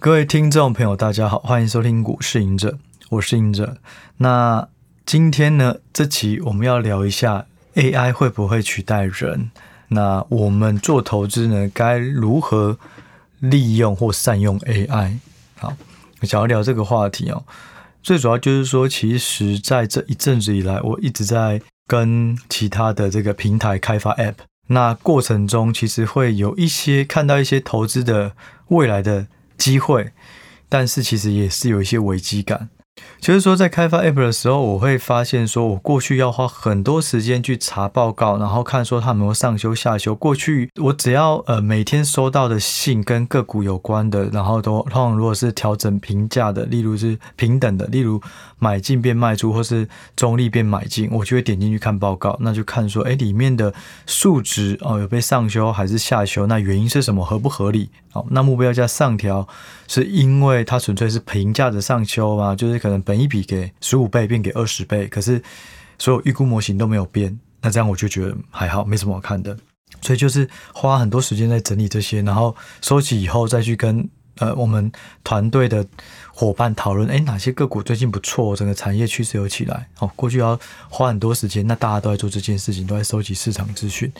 各位聽眾朋友，大家好，歡迎收聽《股市隱者》，我是隱者。那今天呢，這期我們要聊一下 AI 會不會取代人？那我們做投資呢，該如何利用或善用 AI？好，我想要聊這個話題哦，最主要就是說，其實，在這一陣子以來，我一直在跟其他的這個平台開發 App，那過程中其實會有一些看到一些投資的未來的機會，但是其實也是有一些危機感。就是說，在開發 app 的時候，我會發現說，我過去要花很多時間去查報告，然後看說他有沒有上修下修。過去我只要呃每天收到的信跟個股有關的，然後都通常如果是調整評價的，例如是平等的，例如買進變賣出或是中立變買進，我就會點進去看報告，那就看說，哎，裡面的數值哦、呃、有被上修還是下修，那原因是什麼，合不合理？好、哦，那目標價上調，是因為它純粹是評價的上修嘛？就是可能本益比給十五倍變給二十倍，可是所有預估模型都沒有變，那這樣我就覺得還好，沒什麼好看的。所以就是花很多時間在整理這些，然後收集以後再去跟呃我們團隊的夥伴討論，哎、欸，哪些個股最近不錯，整個產業趨勢有起來。好、哦，過去要花很多時間，那大家都在做這件事情，都在收集市場資訊。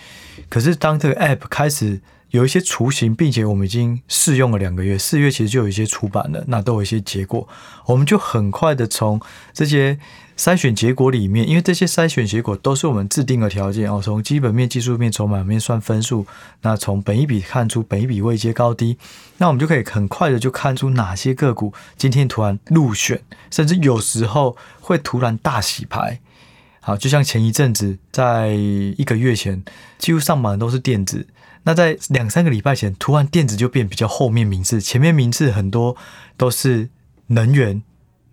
可是當這個 App 開始，有一些雛形，並且我們已經試用了兩個月，四月其實就有一些出版了，那都有一些結果，我們就很快的從這些篩選結果裡面，因為這些篩選結果都是我們制定的條件哦，從基本面、技術面、籌碼面算分數，那從本益比看出本益比位階高低，那我們就可以很快的就看出哪些個股今天突然入選，甚至有時候會突然大洗牌。好，就像前一陣子在一個月前，幾乎上榜的都是電子。那在兩三個禮拜前，突然電子就變比較後面名次，前面名次很多都是能源，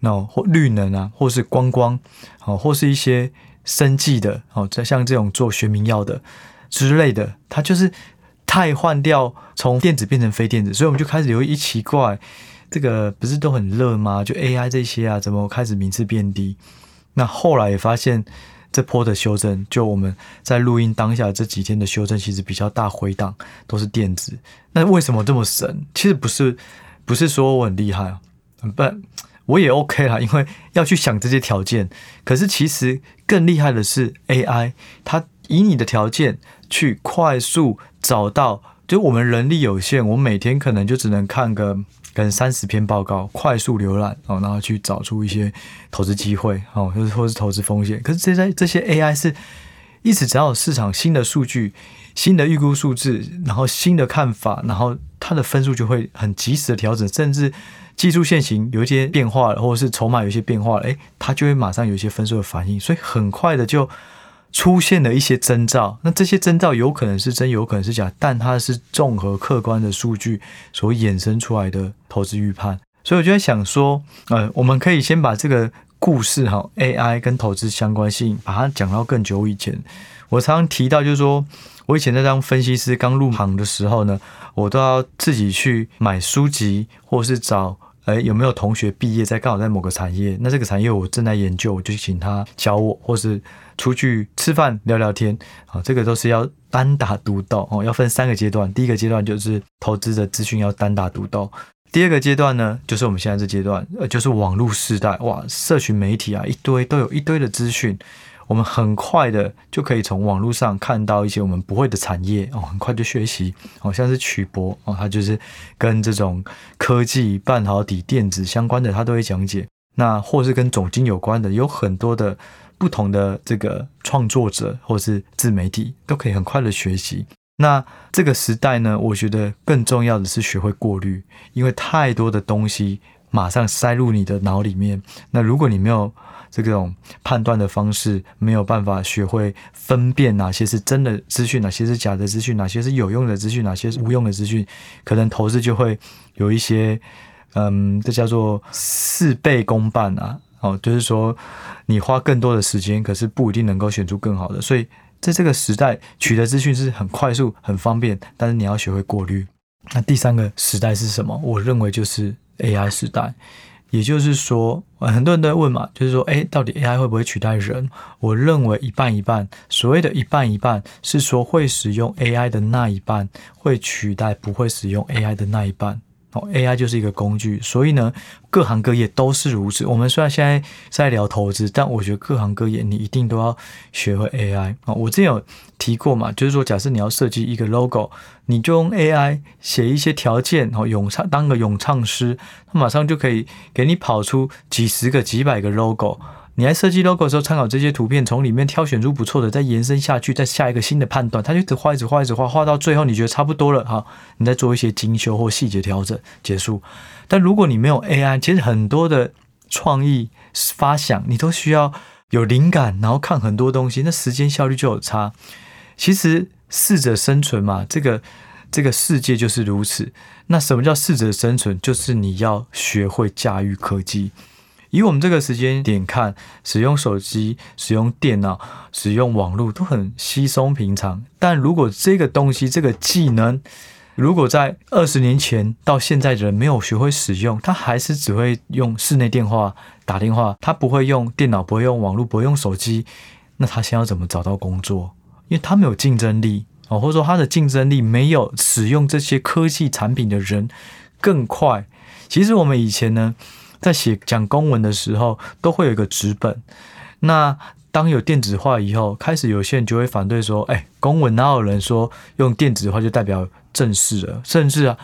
哦或綠能啊，或是觀光，哦或是一些生技的，哦像這種做學名藥的之類的，它就是汰換掉，從電子變成非電子，所以我們就開始留意，一奇怪，這個不是都很熱嗎？就 AI 這些啊，怎麼開始名次變低？那後來也發現。這波的修正，就我們在錄音當下這幾天的修正，其實比較大回檔，都是電子。那為什麼這麼神？其實不是，不是說我很厲害啊，不，我也 OK 啦。因為要去想這些條件，可是其實更厲害的是 AI，它以你的條件去快速找到。就我們人力有限，我們每天可能就只能看個跟三十篇報告快速瀏覽哦，然後去找出一些投資機會哦，就是或者是投資風險。可是現在這些 AI 是一直只要有市場新的數據、新的預估數字，然後新的看法，然後它的分數就會很及時的調整，甚至技術線型有一些變化了，或者是籌碼有一些變化了，誒，它就會馬上有一些分數的反應，所以很快的就。出現了一些徵兆，那這些徵兆有可能是真，有可能是假，但它是綜合客觀的數據所衍生出來的投資預判。所以我就在想說，呃，我們可以先把這個故事哈，AI 跟投資相關性，把它講到更久以前。我常常提到就是說我以前在當分析師剛入行的時候呢，我都要自己去買書籍或是找。欸、有沒有同學畢業在剛好在某個產業？那這個產業我正在研究，我就請他教我，或是出去吃飯聊聊天。好，這個都是要單打獨鬥哦。要分三個階段，第一個階段就是投資的資訊要單打獨鬥，第二個階段呢，就是我們現在這階段，呃，就是網絡時代，哇，社群媒體啊，一堆都有一堆的資訊。我們很快的就可以從網絡上看到一些我們不會的產業哦，很快就學習，好、哦、像是曲博。哦，它就是跟這種科技、半導體、電子相關的，它都會講解。那或是跟總經有關的，有很多的不同的這個創作者或是自媒體都可以很快的學習。那這個時代呢，我覺得更重要的是學會過濾，因為太多的東西，馬上塞入你的腦裡面。那如果你沒有這種判斷的方式，沒有辦法學會分辨哪些是真的資訊，哪些是假的資訊，哪些是有用的資訊，哪些是無用的資訊，可能投資就會有一些，嗯，這叫做事倍功半啊。哦，就是說你花更多的時間，可是不一定能夠選出更好的。所以在這個時代，取得資訊是很快速、很方便，但是你要學會過濾。那第三個時代是什麼？我認為就是。AI 時代，也就是說，很多人都在問嘛，就是說，哎，到底 AI 會不會取代人？我認為一半一半，所謂的一半一半，是說會使用 AI 的那一半，會取代不會使用 AI 的那一半。AI 就是一個工具，所以呢，各行各業都是如此。我們雖然現在在聊投資，但我覺得各行各業你一定都要學會 AI 啊、哦！我之前有提過嘛，就是說，假設你要設計一個 logo，你就用 AI 寫一些條件，然後詠唱，當個詠唱師，他馬上就可以給你跑出幾十個、幾百個 logo。你在設計 logo 的時候，參考這些圖片，從裡面挑選出不錯的，再延伸下去，再下一個新的判斷，它就一直畫一直畫一直畫，畫到最後你覺得差不多了哈，你再做一些精修或細節調整結束。但如果你沒有 AI，其實很多的創意發想，你都需要有靈感，然後看很多東西，那時間效率就有差。其實適者生存嘛，這個這個世界就是如此。那什麼叫適者生存？就是你要學會駕馭科技。以我們這個時間點看，使用手機、使用電腦、使用網絡都很稀鬆平常。但如果這個東西、這個技能，如果在二十年前到現在人沒有學會使用，他還是只會用室內電話打電話，他不會用電腦，不會用網絡，不會用手機，那他現在要怎麼找到工作？因為他沒有競爭力哦，或者說他的競爭力沒有使用這些科技產品的人更快。其實我們以前呢。在寫講公文的時候，都會有一個紙本。那當有電子化以後，開始有些人就會反對說：“哎、欸，公文哪有人說用電子化就代表正式了？甚至啊，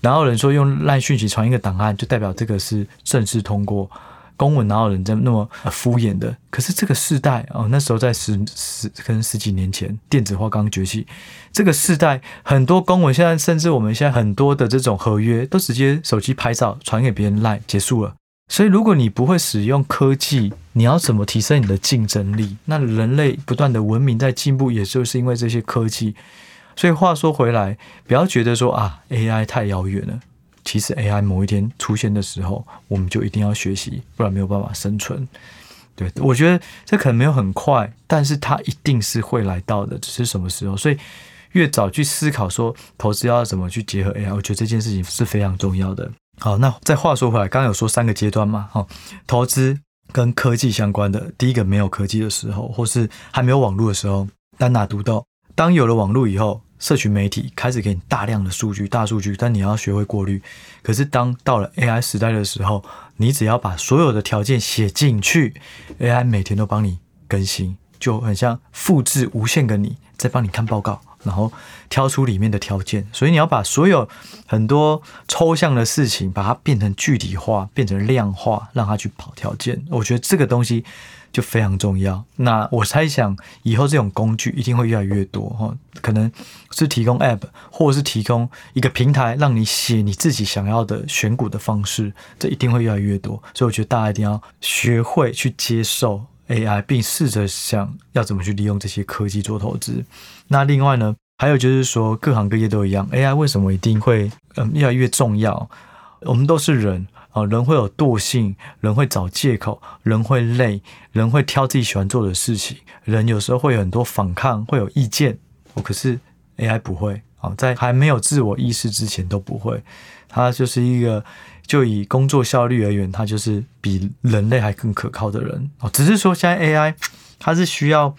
哪有人說用 LINE 訊息傳一個檔案就代表這個是正式通過？”公文哪有人在那麼敷衍的？可是這個世代哦，那時候在十十可能十幾年前，電子化剛剛崛起。這個世代很多公文，現在甚至我們現在很多的這種合約，都直接手機拍照傳給別人 Line，結束了。所以，如果你不會使用科技，你要怎麼提升你的競爭力？那人類不斷的文明在進步，也就是因為這些科技。所以話說回來，不要覺得說啊，AI 太遙遠了。其實 AI 某一天出現的時候，我們就一定要學習，不然沒有辦法生存。對，我覺得這可能沒有很快，但是它一定是會來到的，只是什麼時候。所以越早去思考說投資要怎麼去結合 AI，我覺得這件事情是非常重要的。好，那再話說回來，剛剛有說三個階段嘛，哈，投資跟科技相關的，第一個沒有科技的時候，或是還沒有網絡的時候，單打獨鬥；當有了網絡以後。社群媒體開始給你大量的數據、大數據，但你要學會過濾。可是當到了 AI 時代的時候，你只要把所有的條件寫進去，AI 每天都幫你更新，就很像複製無限個你，再幫你看報告，然後挑出裡面的條件。所以你要把所有很多抽象的事情，把它變成具體化、變成量化，讓它去跑條件。我覺得這個東西。就非常重要。那我猜想，以後這種工具一定會越來越多哈，可能是提供 APP，或者是提供一個平台，讓你寫你自己想要的選股的方式，這一定會越來越多。所以我覺得大家一定要學會去接受 AI，並試着想要怎麼去利用這些科技做投資。那另外呢，還有就是說，各行各業都一樣，AI 為什麼一定會嗯越來越重要？我們都是人。哦，人會有惰性，人會找借口，人會累，人會挑自己喜歡做的事情，人有時候會有很多反抗，會有意見。哦，可是 AI 不會。哦，在還沒有自我意識之前都不會。他就是一個，就以工作效率而言，他就是比人類還更可靠的人。哦，只是說現在 AI 它是需要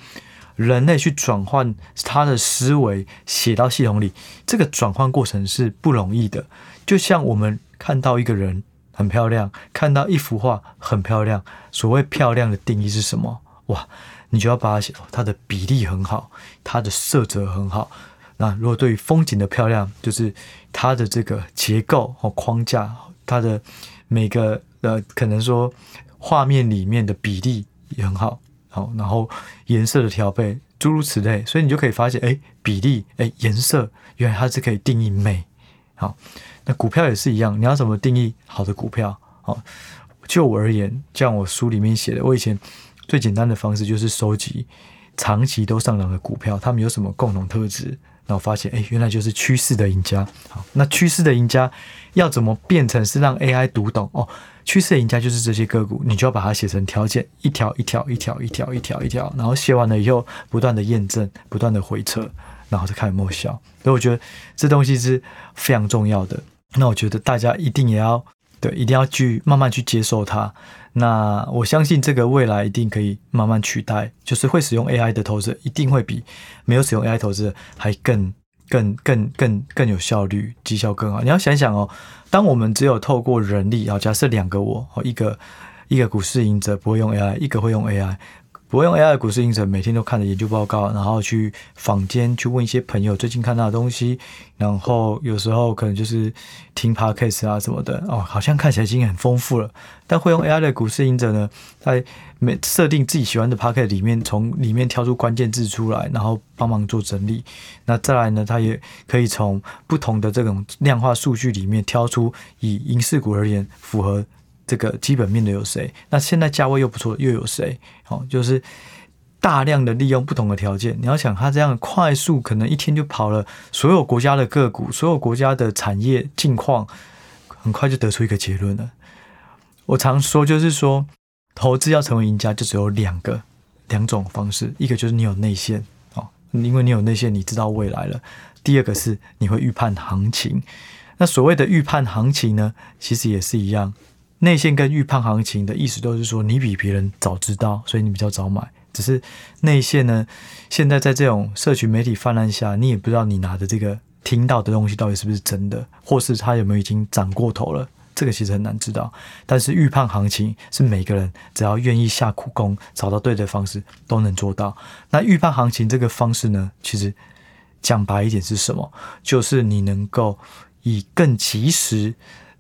人類去轉換他的思維，寫到系統裡。這個轉換過程是不容易的。就像我們看到一個人。很漂亮，看到一幅畫很漂亮。所謂漂亮的定義是什麼？哇，你就要把它寫，它的比例很好，它的色澤很好。那如果對於風景的漂亮，就是它的這個結構和框架，它的每個呃，可能說畫面裡面的比例也很好，好，然後顏色的調配諸如此類，所以你就可以發現，哎，比例，哎，顏色，原來它是可以定義美，好。那股票也是一樣，你要怎麼定義好的股票？好，就我而言，就像我書裡面寫的，我以前最簡單的方式就是收集長期都上漲的股票，他們有什麼共同特質？然後發現，哎、欸，原來就是趨勢的贏家。好，那趨勢的贏家要怎麼變成是讓 AI 讀懂？哦，趨勢的贏家就是這些個股，你就要把它寫成條件，一條一條一條一條一條一條，然後寫完了以後，不斷的驗證，不斷的回測，然後再看有沒有效。所以我覺得這東西是非常重要的。那我覺得大家一定也要對，一定要去慢慢去接受它。那我相信這個未來一定可以慢慢取代，就是會使用 AI 的投資，一定會比沒有使用 AI 投資還更、更、更、更、更有效率，績效更好。你要想想哦，當我們只有透過人力，假設兩個我，哦，一個一個股市隱者不會用 AI，一個會用 AI。不會用 AI 的股市隱者每天都看着研究報告，然後去坊間去問一些朋友最近看到的東西，然後有時候可能就是聽 podcast 啊什麼的哦，好像看起來已經很豐富了。但會用 AI 的股市隱者呢，在每設定自己喜歡的 podcast 裡面，從裡面挑出關鍵字出來，然後幫忙做整理。那再來呢，他也可以從不同的這種量化數據裡面挑出以贏勢股而言符合。這個基本面的有誰？那現在價位又不錯，又有誰？哦，就是大量的利用不同的條件。你要想他這樣快速，可能一天就跑了所有國家的個股，所有國家的產業境況，很快就得出一個結論了。我常說，就是說，投資要成為贏家，就只有兩個兩種方式：一個就是你有內線，哦，因為你有內線，你知道未來了；第二個是你會預判行情。那所謂的預判行情呢，其實也是一樣。內線跟預判行情的意思都是說，你比別人早知道，所以你比較早買。只是內線呢，現在在這種社群媒體泛濫下，你也不知道你拿的這個聽到的東西到底是不是真的，或是它有沒有已經漲過頭了，這個其實很難知道。但是預判行情是每個人只要願意下苦功，找到對的方式都能做到。那預判行情這個方式呢，其實講白一點是什麼？就是你能夠以更即時。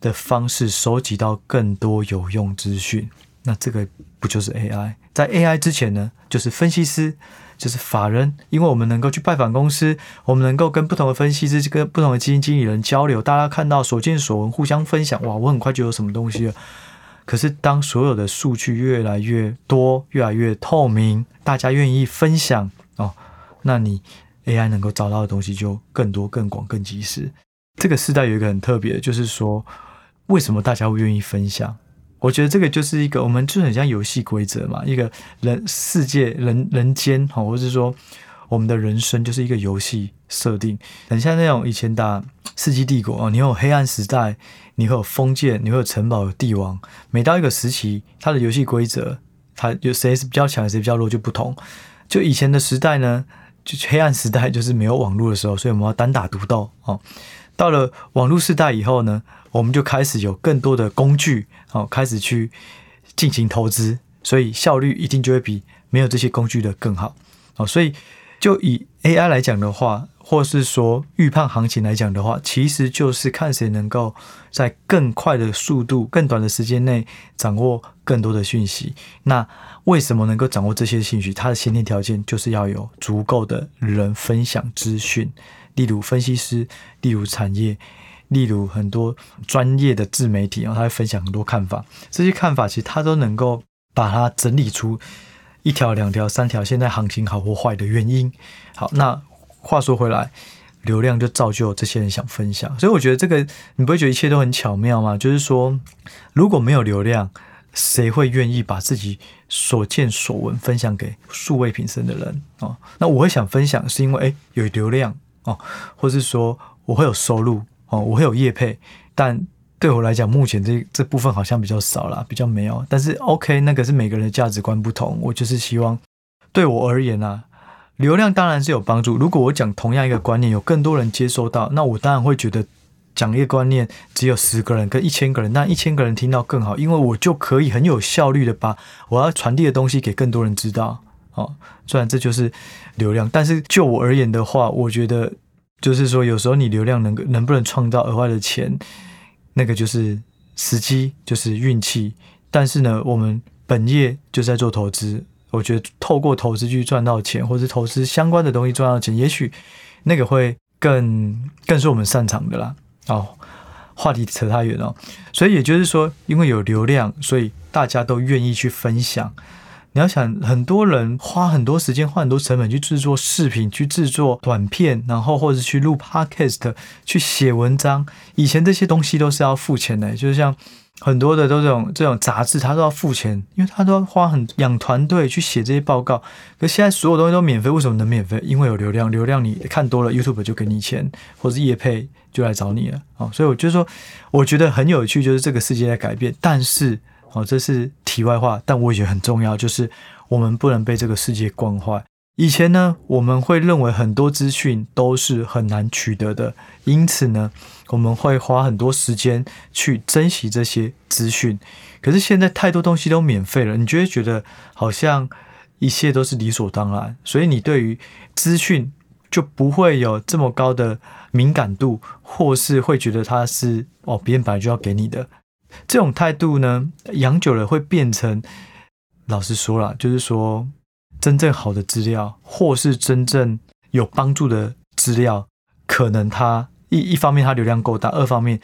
的方式收集到更多有用資訊，那這個不就是 AI？在 AI 之前呢，就是分析師，就是法人，因為我們能夠去拜訪公司，我們能夠跟不同的分析師、跟不同的基金經理人交流，大家看到所見所聞，互相分享，哇，我很快就有什麼東西了。可是當所有的數據越來越多、越來越透明，大家願意分享哦，那你 AI 能夠找到的東西就更多、更廣、更及時。這個時代有一個很特別的，就是說。為什麼大家會願意分享？我覺得這個就是一個，我們就很像遊戲規則嘛。一個人世界、人人間，哈、哦，或者說我們的人生就是一個遊戲設定。很像那種以前打《世紀帝國》哦，你會有黑暗時代，你會有封建，你會有城堡、有帝王。每到一個時期，它的遊戲規則，它有誰是比較強，誰比較弱就不同。就以前的時代呢，就黑暗時代就是沒有網絡的時候，所以我們要單打獨鬥哦。到了網絡世代以後呢，我們就開始有更多的工具，哦，開始去進行投資，所以效率一定就會比沒有這些工具的更好。哦，所以就以 AI 來講的話，或是說，預判行情來講的話，其實就是看誰能夠在更快的速度、更短的時間內掌握更多的訊息。那為什麼能夠掌握這些訊息？它的先天條件就是要有足夠的人分享資訊。例如分析師，例如產業，例如很多專業的自媒體啊，他會分享很多看法。這些看法其實他都能夠把它整理出一條、兩條、三條，現在行情好或壞的原因。好，那話說回來，流量就造就這些人想分享。所以我覺得這個你不會覺得一切都很巧妙嗎？就是說，如果沒有流量，誰會願意把自己所見所聞分享給素昧平生的人啊？那我會想分享，是因為、欸、有流量。哦，或是說我會有收入哦，我會有業配，但對我來講，目前這這部分好像比較少啦，比較沒有。但是 OK，那個是每個人的價值觀不同。我就是希望，對我而言啊，流量當然是有幫助。如果我講同樣一個觀念，有更多人接受到，那我當然會覺得講一個觀念只有十個人跟一千個人，那一千個人聽到更好，因為我就可以很有效率的把我要傳遞的東西給更多人知道。哦，雖然這就是流量，但是就我而言的話，我覺得就是說，有時候你流量能夠能不能創造額外的錢，那個就是時機，就是運氣。但是呢，我們本業就在做投資，我覺得透過投資去賺到錢，或是投資相關的東西賺到錢，也許那個會更更是我們擅長的啦。哦，話題扯太遠了，哦，所以也就是說，因為有流量，所以大家都願意去分享。你要想，很多人花很多時間、花很多成本去製作視頻、去製作短片，然後或者是去錄 podcast、去寫文章。以前這些東西都是要付錢的，就是像很多的都這種這種雜誌，他都要付錢，因為他都要花很養團隊去寫這些報告。可現在所有東西都免費，為什麼能免費？因為有流量，流量你看多了，YouTube 就給你錢，或是業配就來找你了啊、哦。所以我就說，我覺得很有趣，就是這個世界在改變。但是哦，這是。題外話，但我也覺得很重要，就是我們不能被這個世界慣壞。以前呢，我們會認為很多資訊都是很難取得的，因此呢，我們會花很多時間去珍惜這些資訊。可是現在太多東西都免費了，你就會覺得好像一切都是理所當然，所以你對於資訊就不會有這麼高的敏感度，或是會覺得它是哦，別人本來就要給你的。這種態度呢，養久了會變成，老實說啦，就是說，真正好的資料，或是真正有幫助的資料，可能它一一方面它流量夠大，二方面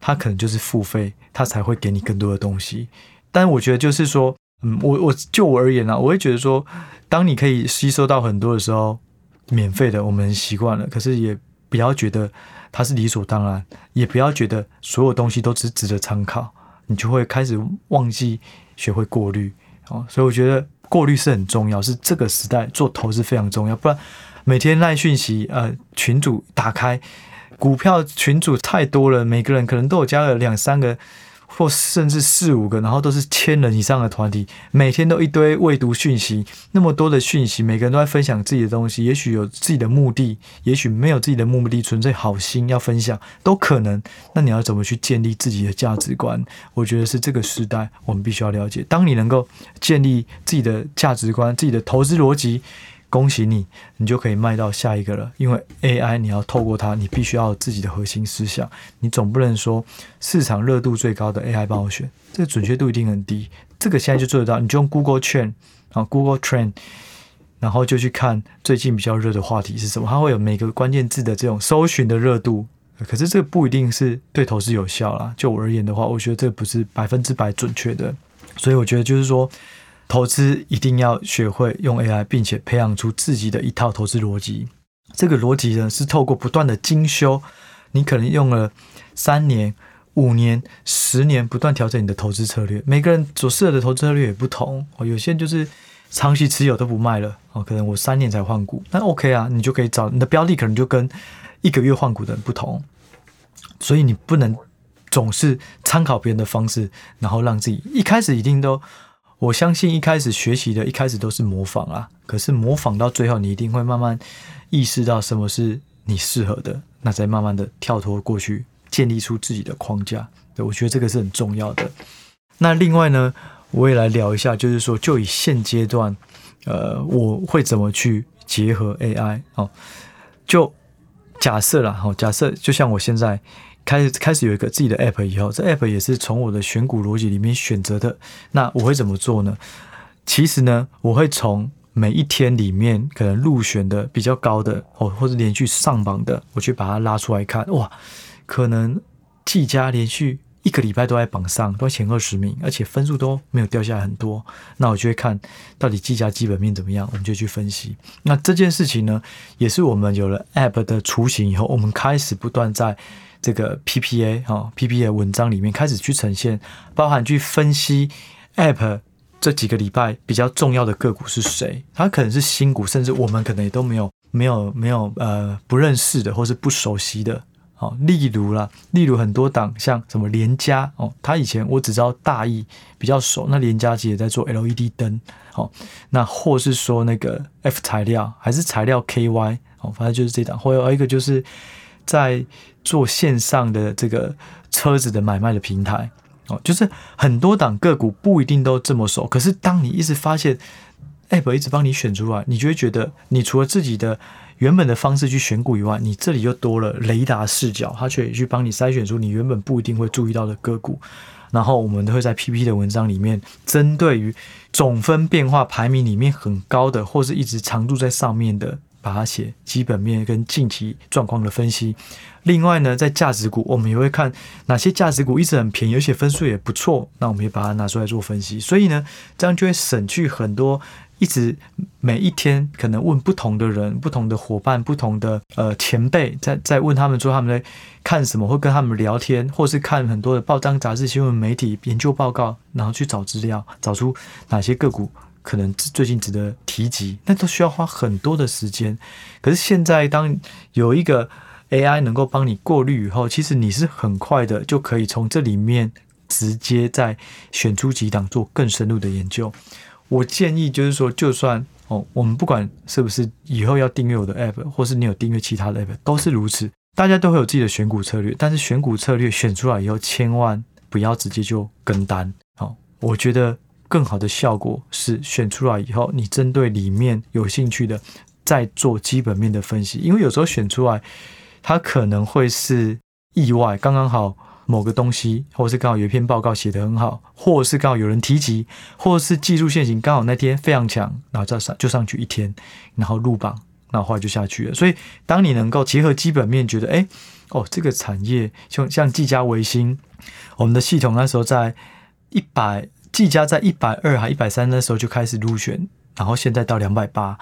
它可能就是付費，它才會給你更多的東西。但我覺得就是說，嗯，我我就我而言啦，我會覺得說，當你可以吸收到很多的時候，免費的我們習慣了，可是也不要覺得。它是理所當然，也不要覺得所有東西都只值得參考，你就會開始忘記學會過濾哦。所以我覺得過濾是很重要，是這個時代做投資非常重要，不然每天賴訊息，呃，群組打開，股票群組太多了，每個人可能都有加了兩三個。或甚至四五個，然後都是千人以上的團體，每天都一堆未讀訊息，那麼多的訊息，每個人都在分享自己的東西，也許有自己的目的，也許沒有自己的目的，純粹好心要分享都可能。那你要怎麼去建立自己的價值觀？我覺得是這個時代我們必須要了解。當你能夠建立自己的價值觀、自己的投資邏輯。恭喜你，你就可以賣到下一個了。因為 AI，你要透過它，你必須要有自己的核心思想。你總不能說市場熱度最高的 AI 幫我選，這個準確度一定很低。這個現在就做得到，你就用 Google Trend 啊，Google Trend，然後就去看最近比較熱的話題是什麼，它會有每個關鍵字的這種搜尋的熱度。可是這個不一定是對投資有效啦。就我而言的話，我覺得這不是百分之百準確的，所以我覺得就是說。投資一定要學會用 AI，並且培養出自己的一套投資邏輯。這個邏輯呢，是透過不斷的精修。你可能用了三年、五年、十年，不斷調整你的投資策略。每個人所設的投資策略也不同。哦，有些人就是長期持有都不賣了。哦，可能我三年才換股，那 OK 啊，你就可以找你的標的，可能就跟一個月換股的人不同。所以你不能總是參考別人的方式，然後讓自己一開始一定都。我相信一開始學習的，一開始都是模仿啊。可是模仿到最後，你一定會慢慢意識到什麼是你適合的，那再慢慢的跳脫過去，建立出自己的框架。對，我覺得這個是很重要的。那另外呢，我也來聊一下，就是說，就以現階段，呃，我會怎麼去結合 AI 哦？就假設啦，哈、哦，假設就像我現在。開始開始有一個自己的 app 以後，這 app 也是從我的選股邏輯裡面選擇的。那我會怎麼做呢？其實呢，我會從每一天裡面可能入選的比較高的哦，或者連續上榜的，我去把它拉出來看。哇，可能技嘉連續一個禮拜都在榜上，都前二十名，而且分數都沒有掉下來很多。那我就會看到底技嘉基本面怎麼樣，我們就去分析。那這件事情呢，也是我們有了 app 的雛形以後，我們開始不斷在。這個 P P A、喔、P P A 哈 P P A 文章裡面開始去呈現，包含去分析 App 這幾個禮拜比較重要的個股是誰？它可能是新股，甚至我們可能也都沒有沒有沒有呃不認識的，或是不熟悉的。好、喔，例如啦，例如很多檔像什麼聯嘉哦，它以前我只知道大億比較熟，那聯嘉其實也在做 L E D 燈。好、喔，那或是說那個 F 材料，還是材料 K Y，哦、喔，反正就是這檔。或有一個就是。在做線上的這個車子的買賣的平台，哦，就是很多檔個股不一定都這麼熟。可是當你一直發現，APP 一直幫你選出來，你就會覺得，你除了自己的原本的方式去選股以外，你這裡又多了雷達視角，它卻也去幫你篩選出你原本不一定會注意到的個股。然後我們都會在 PP 的文章裡面，針對於總分變化排名裡面很高的，或是一直長駐在上面的。把它寫基本面跟近期狀況的分析。另外呢，在價值股，我們也會看哪些價值股一直很便宜，而且分數也不錯，那我們也把它拿出來做分析。所以呢，這樣就會省去很多，一直每一天可能問不同的人、不同的夥伴、不同的呃前輩，在在問他們說他們在看什麼，或跟他們聊天，或是看很多的報章雜誌、新聞媒體研究報告，然後去找資料，找出哪些個股。可能最近值得提及，那都需要花很多的時間。可是現在，當有一個 AI 能夠幫你過濾以後，其實你是很快的就可以從這裡面直接再選出幾檔做更深入的研究。我建議就是說，就算哦，我們不管是不是以後要訂閱我的 App，或是你有訂閱其他的 App，都是如此。大家都會有自己的選股策略，但是選股策略選出來以後，千萬不要直接就跟單。好、哦，我覺得。更好的效果是選出來以後，你針對裡面有興趣的再做基本面的分析，因為有時候選出來它可能會是意外，剛剛好某個東西，或是剛好有一篇報告寫得很好，或是剛好有人提及，或者是技術線型剛好那天非常強，然後再上就上去一天，然後入榜，然後後來就下去了。所以，當你能夠結合基本面，覺得哎、欸，哦，這個產業像像技嘉、維新，我們的系統那時候在一百。技嘉在一百二還一百三的時候就開始入選，然後現在到兩百八。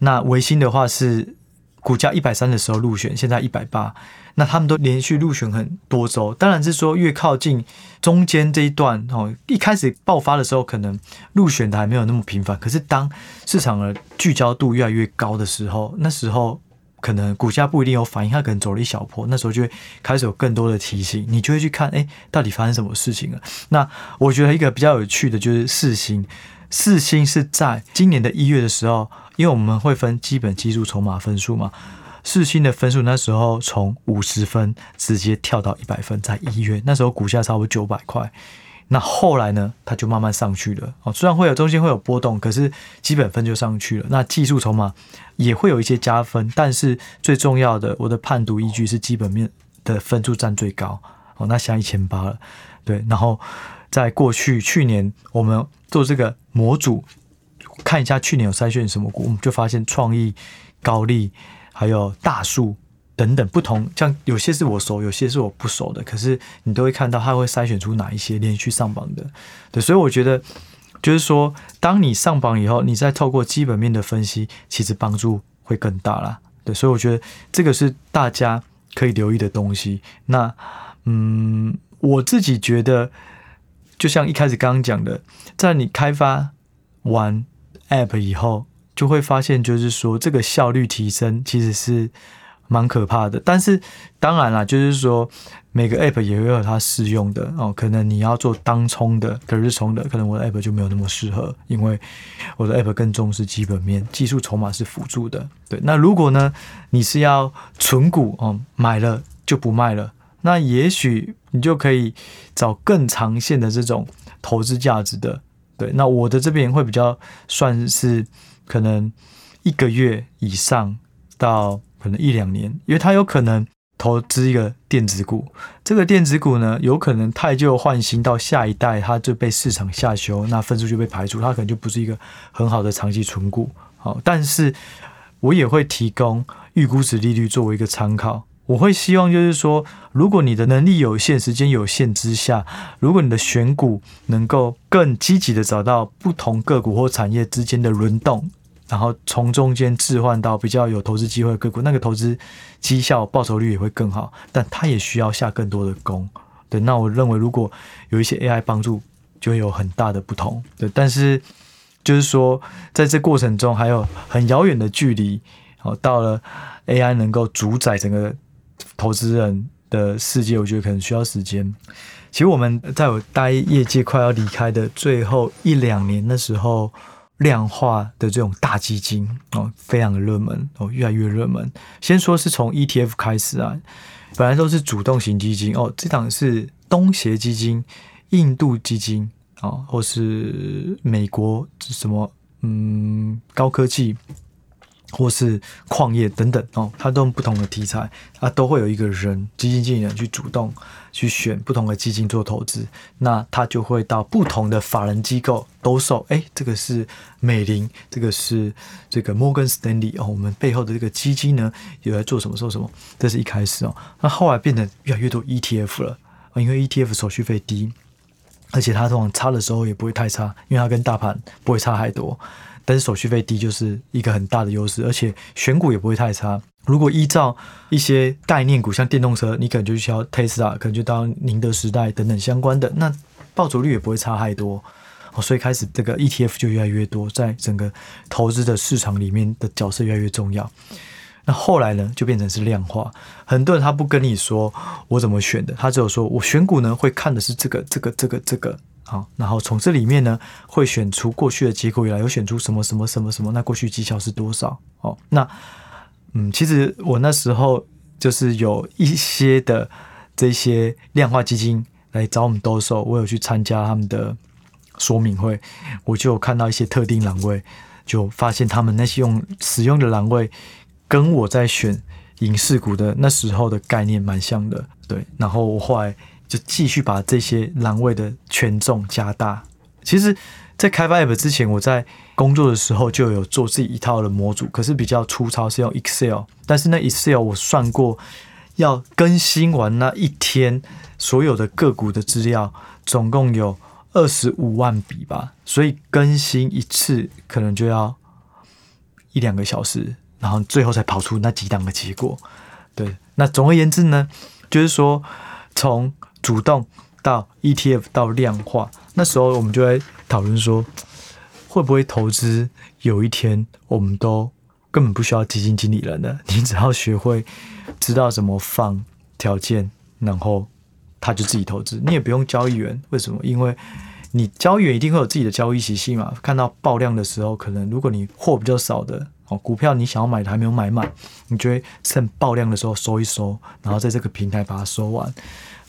那維新的話是股價一百三的時候入選，現在一百八。那他們都連續入選很多週，當然是說越靠近中間這一段哦，一開始爆發的時候可能入選的還沒有那麼頻繁，可是當市場的聚焦度越來越高的時候，那時候。可能股價不一定有反應，它可能走了一小波，那時候就會開始有更多的提醒，你就會去看，哎、欸，到底發生什麼事情了？那我覺得一個比較有趣的就是四星，四星是在今年的一月的時候，因為我們會分基本技術籌碼分數嘛，四星的分數那時候從五十分直接跳到一百分在，在一月那時候股價差不多九百塊。那後來呢？它就慢慢上去了哦。雖然會有中間會有波動，可是基本分就上去了。那技術籌碼也會有一些加分，但是最重要的，我的判讀依據是基本面的分數占最高哦。那現在一千八了，對。然後，在過去去年，我們做這個模組，看一下去年有篩選什麼股，我們就發現創意、高力還有大樹。等等，不同，像有些是我熟，有些是我不熟的，可是你都會看到，他會篩選出哪一些連續上榜的，對，所以我覺得就是說，當你上榜以後，你再透過基本面的分析，其實幫助會更大啦。對，所以我覺得這個是大家可以留意的東西。那嗯，我自己覺得，就像一開始剛剛講的，在你開發完 App 以後，就會發現，就是說這個效率提升其實是。蠻可怕的，但是當然了，就是說每個 app 也會有它適用的哦。可能你要做當沖的、隔日沖的，可能我的 app 就沒有那麼適合，因為我的 app 更重視基本面，技術籌碼是輔助的。對，那如果呢，你是要存股哦，買了就不賣了，那也許你就可以找更長線的這種投資價值的。對，那我的這邊會比較算是可能一個月以上到。可能一兩年，因為它有可能投資一個電子股，這個電子股呢，有可能太舊換新，到下一代它就被市場下修，那分數就被排除，它可能就不是一個很好的長期存股。好，但是我也會提供預估殖利率作為一個參考。我會希望就是說，如果你的能力有限、時間有限之下，如果你的選股能夠更積極的找到不同個股或產業之間的輪動。然後從中間置換到比較有投資機會的個股，那個投資績效報酬率也會更好，但它也需要下更多的工。對，那我認為如果有一些 AI 幫助，就會有很大的不同。對，但是就是說，在這過程中還有很遙遠的距離。好，到了 AI 能夠主宰整個投資人的世界，我覺得可能需要時間。其實我們在我待業界快要離開的最後一兩年的時候。量化的這種大基金哦，非常的熱門哦，越來越熱門。先說是從 ETF 開始啊，本來都是主動型基金哦，這檔是東協基金、印度基金啊、哦，或是美國什麼嗯高科技，或是礦業等等哦，它都有不同的題材，它、啊、都會有一個人基金經理人去主動。去選不同的基金做投資，那他就會到不同的法人機構兜售。哎，欸，這個是美林，這個是這個摩根士丹利。哦，我們背後的這個基金呢，有在做什麼，做什麼？這是一開始哦。那後來變得越來越多 ETF 了，哦，因為 ETF 手續費低，而且它通常差的時候也不會太差，因為它跟大盤不會差太多。但是手續費低就是一個很大的優勢，而且選股也不會太差。如果依照一些概念股，像電動車，你可能就需要特斯拉啊，可能就當寧德時代等等相關的，那報酬率也不會差太多。哦，所以開始這個 ETF 就越來越多，在整個投資的市場裡面的角色越來越重要。嗯、那後來呢，就變成是量化，很多人他不跟你說我怎麼選的，他只有說我選股呢會看的是這個這個這個這個啊、哦，然後從這裡面呢會選出過去的結果，以來有選出什麼什麼什麼什麼，那過去績效是多少？哦，那。嗯，其實我那時候就是有一些的這些量化基金來找我們兜售，我有去參加他們的說明會，我就有看到一些特定欄位，就發現他們那些用使用的欄位跟我在選影視股的那時候的概念蠻像的，對。然後我後來就繼續把這些欄位的權重加大，其實。在開發 APP 之前，我在工作的時候就有做自己一套的模組，可是比較粗糙，是用 Excel。但是那 Excel 我算過，要更新完那一天所有的個股的資料，總共有二十五萬筆吧，所以更新一次可能就要一兩個小時，然後最後才跑出那幾檔的結果。對，那總而言之呢，就是說，從主動到 ETF 到量化，那時候我們就會。討論說，會不會投資？有一天我們都根本不需要基金經理人了。你只要學會知道怎麼放條件，然後他就自己投資。你也不用交易員，為什麼？因為你交易員一定會有自己的交易習性嘛。看到爆量的時候，可能如果你貨比較少的哦，股票你想要買的還沒有買滿，你就會趁爆量的時候收一收，然後在這個平台把它收完。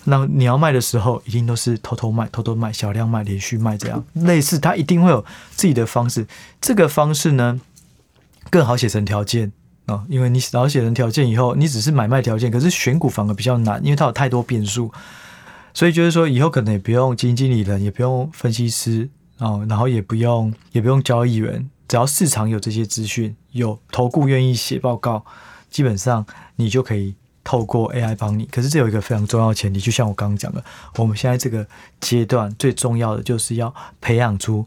那你要賣的時候，一定都是偷偷賣、偷偷賣、小量賣、連續賣這樣。類似，他一定會有自己的方式。這個方式呢，更好寫成條件啊、哦，因為你然後寫成條件以後，你只是買賣條件，可是選股反而比較難，因為它有太多變數。所以就是說，以後可能也不用基金經理人，也不用分析師啊、哦，然後也不用也不用交易員，只要市場有這些資訊，有投顧願意寫報告，基本上你就可以，透過 AI 幫你，可是這有一個非常重要的前提，就像我剛剛講的，我們現在這個階段最重要的就是要培養出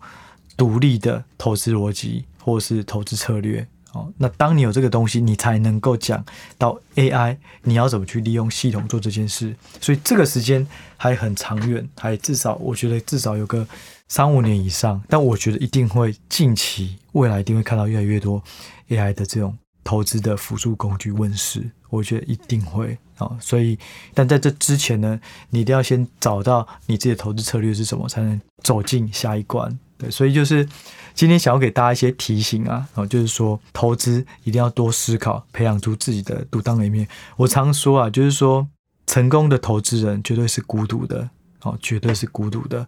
獨立的投資邏輯或是投資策略。哦，那當你有這個東西，你才能夠講到 AI，你要怎麼去利用系統做這件事。所以這個時間還很長遠，還至少我覺得至少有個三五年以上。但我覺得一定會近期，未來一定會看到越來越多 AI 的這種投資的輔助工具問世。我覺得一定會啊、哦，所以，但在這之前呢，你一定要先找到你自己的投資策略是什麼，才能走進下一關。對，所以就是今天想要給大家一些提醒啊，然後、哦、就是說投資一定要多思考，培養出自己的獨當的一面。我常說啊，就是說成功的投資人絕對是孤獨的，哦，絕對是孤獨的，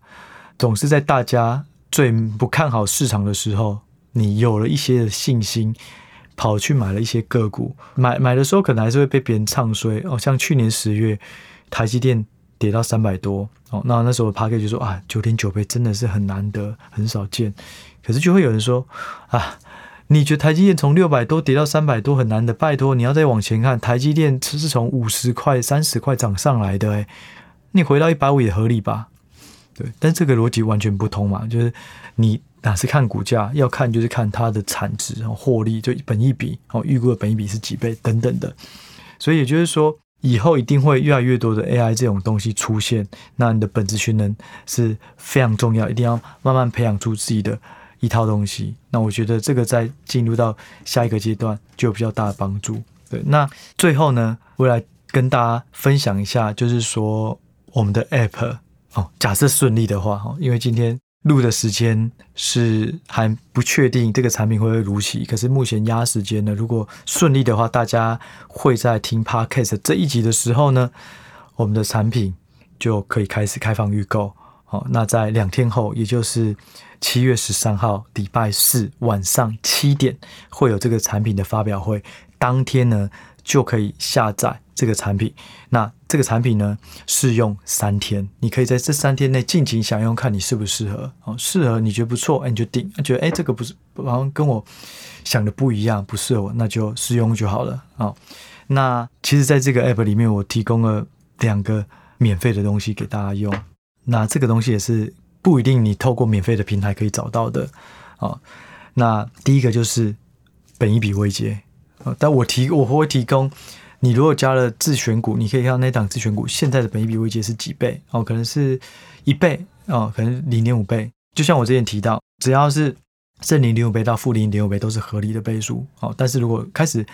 總是在大家最不看好市場的時候，你有了一些的信心。跑去買了一些個股，買，買的時候可能還是會被別人唱衰哦，像去年十月台積電跌到三百多哦，那那時候爬 K 就說啊，九點九倍真的是很難得很少見，可是就會有人說啊，你覺得台積電從六百多跌到三百多很難得，拜托你要再往前看，台積電是從五十塊三十塊漲上來的哎、欸，你回到一百五也合理吧？對，但這個邏輯完全不通嘛，就是你。哪是看股價？要看就是看它的產值，然後獲利，就本益比哦，預估的本益比是幾倍等等的。所以也就是說，以後一定會越來越多的 AI 這種東西出現，那你的本職學能是非常重要，一定要慢慢培養出自己的一套東西。那我覺得這個在進入到下一個階段就有比較大的幫助。對，那最後呢，我來跟大家分享一下，就是說我們的 App 哦，假設順利的話哦，因為今天。錄的時間是還不確定這個產品會不會如期，可是目前壓時間呢，如果順利的話，大家會在聽 Podcast 這一集的時候呢，我們的產品就可以開始開放預購。好、哦，那在兩天後，也就是七月十三號，禮拜四晚上七點，會有這個產品的發表會，當天呢就可以下載這個產品。那這個產品呢，試用三天，你可以在這三天內盡情享用，看你適不適合。哦，適合，你覺得不錯，哎，你就定；覺得哎，這個不是，好像跟我想的不一樣，不適合我，那就試用就好了。哦，那其實，在這個 app 裡面，我提供了兩個免費的東西給大家用。那這個東西也是不一定你透過免費的平台可以找到的。哦，那第一個就是本益比位階。但我提我會提供。你如果加了自選股，你可以看到那檔自選股現在的本益比位階是幾倍哦，可能是一倍哦，可能零點五倍。就像我之前提到，只要是正零點五倍到負零點五倍都是合理的倍數哦。但是如果開始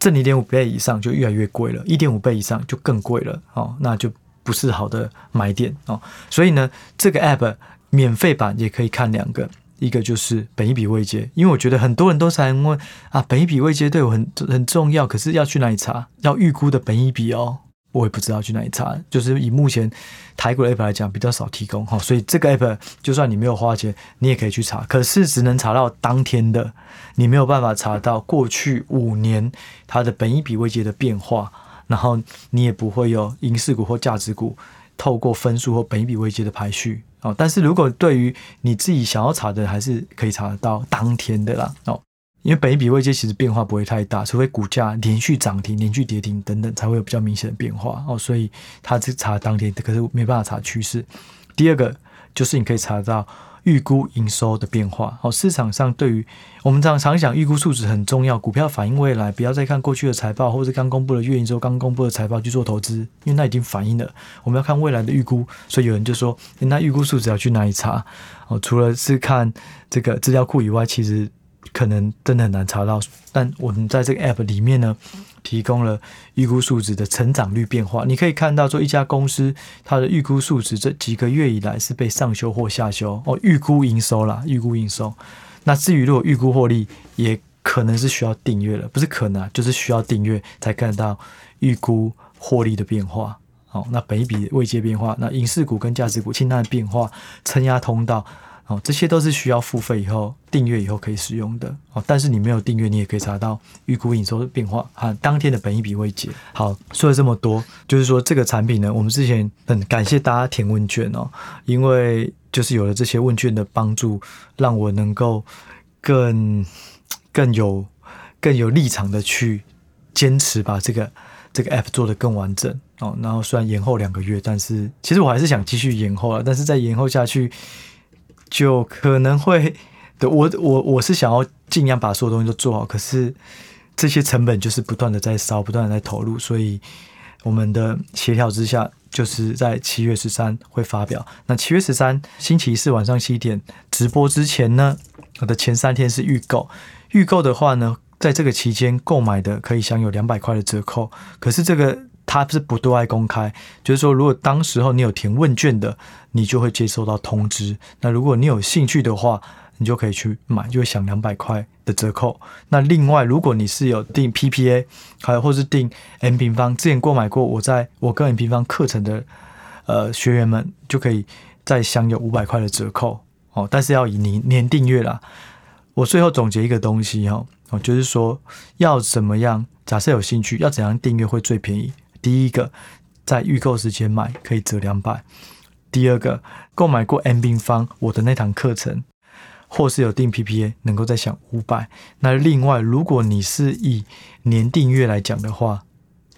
正零點五倍以上就越來越貴了，一點五倍以上就更貴了哦，那就不是好的買點哦。所以呢，這個 App 免費版也可以看兩個。一個就是本益比位階，因為我覺得很多人都在問啊，本益比位階對我很很重要，可是要去哪裡查，要預估的本益比哦，我也不知道去哪裡查。就是以目前台股的 app 來講，比較少提供哈、哦，所以這個 app 就算你沒有花錢，你也可以去查，可是只能查到當天的，你沒有辦法查到過去五年它的本益比位階的變化，然後你也不會有贏勢股或價值股透過分數或本益比位階的排序。哦，但是如果對於你自己想要查的，還是可以查得到當天的啦。哦，因為本益比位階其實變化不會太大，除非股價連續漲停、連續跌停等等，才會有比較明顯的變化。哦，所以它只查當天，可是沒辦法查趨勢。第二個就是你可以查到。預估營收的變化，好、哦，市場上對於我們常常講預估數值很重要，股票反映未來，不要再看過去的財報，或者是剛公布的月營收、剛公布的財報去做投資，因為那已經反映了，我們要看未來的預估，所以有人就說，那預估數值要去哪裡查？哦，除了是看這個資料庫以外，其實。可能真的很難查到，但我們在這個 App 裡面呢，提供了預估數值的成長率變化。你可以看到，說一家公司它的預估數值，這幾個月以來是被上修或下修哦。預估營收啦，預估營收。那至於如果預估獲利，也可能是需要訂閱了，不是可能，就是需要訂閱才看到預估獲利的變化。好、哦，那本益比位階變化，那影視股跟價值股清單的變化，撐壓通道。哦，這些都是需要付費以後訂閱以後可以使用的哦。但是你沒有訂閱，你也可以查到預估營收的變化啊，和當天的本益比未結。好，說了這麼多，就是說這個產品呢，我們之前很感謝大家填問卷哦，因為就是有了這些問卷的幫助，讓我能夠更更有更有立場的去堅持把這個這個 app 做得更完整哦。然後雖然延後兩個月，但是其實我還是想繼續延後了，但是再延後下去，就可能會，我我我是想要盡量把所有東西都做好，可是這些成本就是不斷的在燒，不斷的在投入，所以我們的協調之下，就是在七月十三會發表。那七月十三星期四晚上七點直播之前呢，我的前三天是預購，預購的話呢，在這個期間購買的可以享有兩百塊的折扣。可是這個。它是不對外公開，就是說，如果當時候你有填問卷的，你就會接收到通知。那如果你有興趣的話，你就可以去買，就會享兩百塊的折扣。那另外，如果你是有訂 PPA，還有或是訂 M 平方，之前購買過我在我跟 M 平方課程的呃學員們，就可以再享有五百塊的折扣哦。但是要以年年訂閱啦。我最後總結一個東西哦，就是說要怎麼樣？假設有興趣，要怎樣訂閱會最便宜？第一個，在預購時間買可以折兩百；第二個，購買過 M 平方我的那堂課程，或是有訂 PPA，能夠再享五百。那另外，如果你是以年訂月來講的話，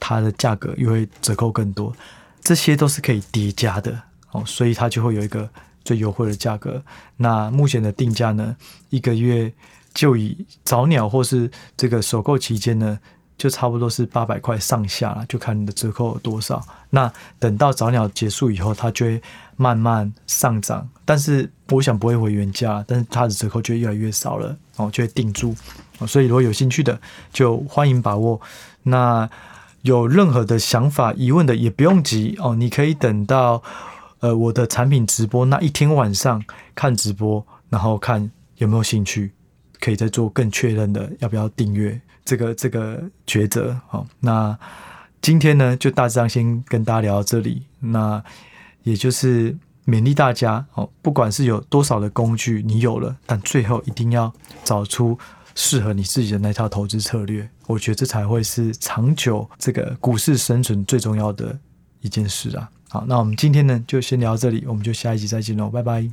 它的價格又會折扣更多。這些都是可以疊加的哦，所以它就會有一個最優惠的價格。那目前的定價呢，一個月就以早鳥或是這個首購期間呢。就差不多是八百塊上下了，就看你的折扣有多少。那等到早鳥結束以後，它就會慢慢上漲，但是我想不會回原價，但是它的折扣就會越來越少了哦，就會定住。哦，所以如果有興趣的，就歡迎把握。那有任何的想法、疑問的，也不用急哦，你可以等到呃我的產品直播那一天晚上看直播，然後看有沒有興趣，可以再做更確認的要不要訂閱。這個這個抉擇，好，哦，那今天呢，就大致上先跟大家聊到這裡。那也就是勉勵大家，哦，不管是有多少的工具你有了，但最後一定要找出適合你自己的那套投資策略。我覺得這才會是長久這個股市生存最重要的一件事啊。好，那我們今天呢就先聊到這裡，我們就下一集再見嘍，拜拜。